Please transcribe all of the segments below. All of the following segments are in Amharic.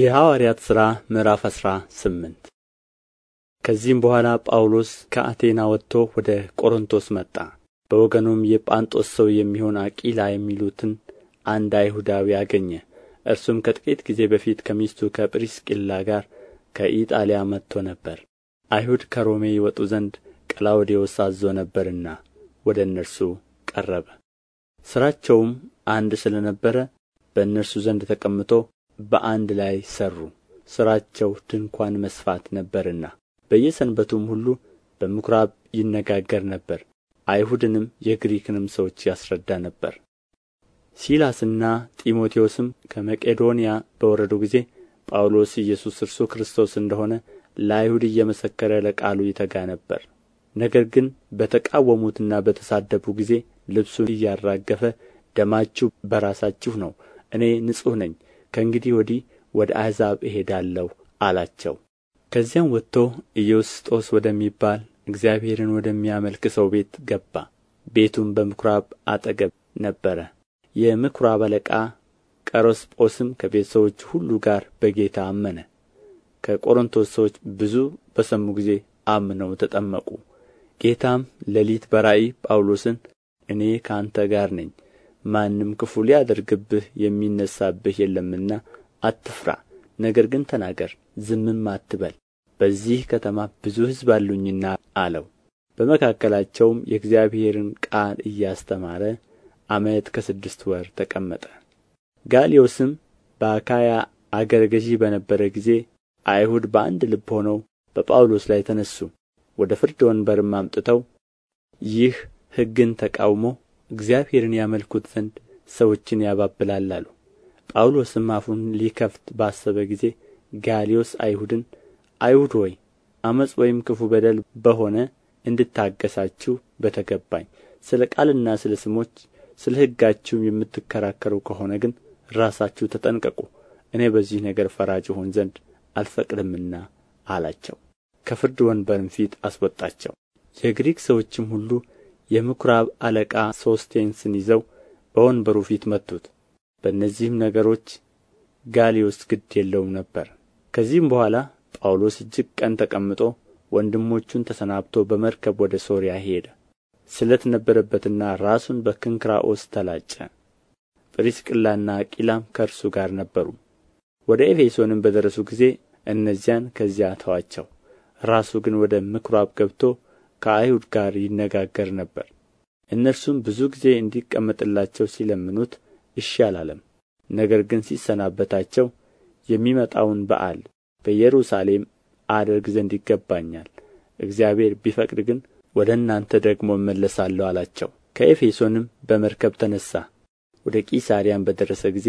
የሐዋርያት ሥራ ምዕራፍ አስራ ስምንት ከዚህም በኋላ ጳውሎስ ከአቴና ወጥቶ ወደ ቆሮንቶስ መጣ። በወገኑም የጳንጦስ ሰው የሚሆን አቂላ የሚሉትን አንድ አይሁዳዊ አገኘ። እርሱም ከጥቂት ጊዜ በፊት ከሚስቱ ከጵሪስቅላ ጋር ከኢጣሊያ መጥቶ ነበር። አይሁድ ከሮሜ ይወጡ ዘንድ ቀላውዴዎስ አዞ ነበርና ወደ እነርሱ ቀረበ። ሥራቸውም አንድ ስለ ነበረ በእነርሱ ዘንድ ተቀምጦ በአንድ ላይ ሠሩ ሥራቸው ድንኳን መስፋት ነበርና በየሰንበቱም ሁሉ በምኵራብ ይነጋገር ነበር አይሁድንም የግሪክንም ሰዎች ያስረዳ ነበር ሲላስና ጢሞቴዎስም ከመቄዶንያ በወረዱ ጊዜ ጳውሎስ ኢየሱስ እርሱ ክርስቶስ እንደሆነ ለአይሁድ እየመሰከረ ለቃሉ ይተጋ ነበር ነገር ግን በተቃወሙትና በተሳደቡ ጊዜ ልብሱን እያራገፈ ደማችሁ በራሳችሁ ነው እኔ ንጹሕ ነኝ ከእንግዲህ ወዲህ ወደ አሕዛብ እሄዳለሁ አላቸው ከዚያም ወጥቶ ኢዮስጦስ ወደሚባል እግዚአብሔርን ወደሚያመልክ ሰው ቤት ገባ ቤቱም በምኵራብ አጠገብ ነበረ የምኵራብ አለቃ ቀሮስጶስም ከቤተ ሰዎቹ ሁሉ ጋር በጌታ አመነ ከቆሮንቶስ ሰዎች ብዙ በሰሙ ጊዜ አምነው ተጠመቁ ጌታም ሌሊት በራእይ ጳውሎስን እኔ ከአንተ ጋር ነኝ ማንም ክፉ ሊያደርግብህ የሚነሣብህ የለምና አትፍራ ነገር ግን ተናገር ዝምም አትበል በዚህ ከተማ ብዙ ሕዝብ አሉኝና አለው በመካከላቸውም የእግዚአብሔርን ቃል እያስተማረ ዓመት ከስድስት ወር ተቀመጠ ጋልዮስም በአካያ አገረ ገዢ በነበረ ጊዜ አይሁድ በአንድ ልብ ሆነው በጳውሎስ ላይ ተነሱ ወደ ፍርድ ወንበርም አምጥተው ይህ ሕግን ተቃውሞ እግዚአብሔርን ያመልኩት ዘንድ ሰዎችን ያባብላል አሉ ጳውሎስም አፉን ሊከፍት ባሰበ ጊዜ ጋልዮስ አይሁድን አይሁድ ሆይ ዓመፅ ወይም ክፉ በደል በሆነ እንድታገሳችሁ በተገባኝ ስለ ቃልና ስለ ስሞች ስለ ሕጋችሁም የምትከራከሩ ከሆነ ግን ራሳችሁ ተጠንቀቁ እኔ በዚህ ነገር ፈራጅ ሆን ዘንድ አልፈቅድምና አላቸው ከፍርድ ወንበርም ፊት አስወጣቸው የግሪክ ሰዎችም ሁሉ የምኵራብ አለቃ ሶስቴንስን ይዘው በወንበሩ ፊት መቱት በእነዚህም ነገሮች ጋልዮስ ግድ የለውም ነበር ከዚህም በኋላ ጳውሎስ እጅግ ቀን ተቀምጦ ወንድሞቹን ተሰናብቶ በመርከብ ወደ ሶርያ ሄደ ስለት ነበረበትና ራሱን በክንክራኦስ ተላጨ ጵሪስቅላና አቂላም ከእርሱ ጋር ነበሩ ወደ ኤፌሶንም በደረሱ ጊዜ እነዚያን ከዚያ ተዋቸው ራሱ ግን ወደ ምኵራብ ገብቶ ከአይሁድ ጋር ይነጋገር ነበር እነርሱም ብዙ ጊዜ እንዲቀመጥላቸው ሲለምኑት እሺ አላለም ነገር ግን ሲሰናበታቸው የሚመጣውን በዓል በኢየሩሳሌም አደርግ ዘንድ ይገባኛል እግዚአብሔር ቢፈቅድ ግን ወደ እናንተ ደግሞ እመለሳለሁ አላቸው ከኤፌሶንም በመርከብ ተነሣ ወደ ቂሳርያም በደረሰ ጊዜ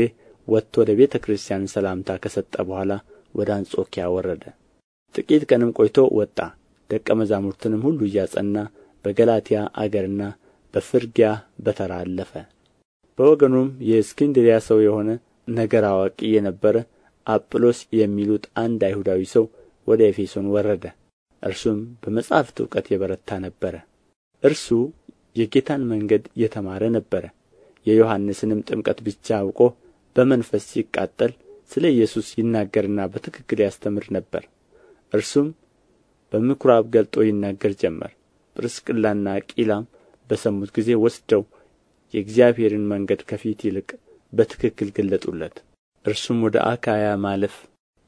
ወጥቶ ቤተ ክርስቲያን ሰላምታ ከሰጠ በኋላ ወደ አንጾኪያ ወረደ ጥቂት ቀንም ቆይቶ ወጣ ደቀ መዛሙርትንም ሁሉ እያጸና በገላትያ አገርና በፍርግያ በተራ አለፈ በወገኑም የእስክንድሪያ ሰው የሆነ ነገር አዋቂ የነበረ አጵሎስ የሚሉት አንድ አይሁዳዊ ሰው ወደ ኤፌሶን ወረደ እርሱም በመጻሕፍት እውቀት የበረታ ነበረ እርሱ የጌታን መንገድ የተማረ ነበረ የዮሐንስንም ጥምቀት ብቻ አውቆ በመንፈስ ሲቃጠል ስለ ኢየሱስ ይናገርና በትክክል ያስተምር ነበር እርሱም በምኵራብ ገልጦ ይናገር ጀመር ጵርስቅላና አቂላም በሰሙት ጊዜ ወስደው የእግዚአብሔርን መንገድ ከፊት ይልቅ በትክክል ገለጡለት እርሱም ወደ አካያ ማለፍ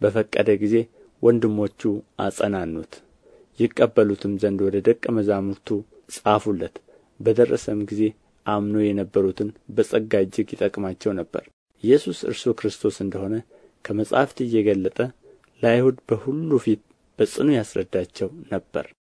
በፈቀደ ጊዜ ወንድሞቹ አጸናኑት ይቀበሉትም ዘንድ ወደ ደቀ መዛሙርቱ ጻፉለት በደረሰም ጊዜ አምኖ የነበሩትን በጸጋ እጅግ ይጠቅማቸው ነበር ኢየሱስ እርሱ ክርስቶስ እንደሆነ ከመጻሕፍት እየገለጠ ለአይሁድ በሁሉ ፊት በጽኑ ያስረዳቸው ነበር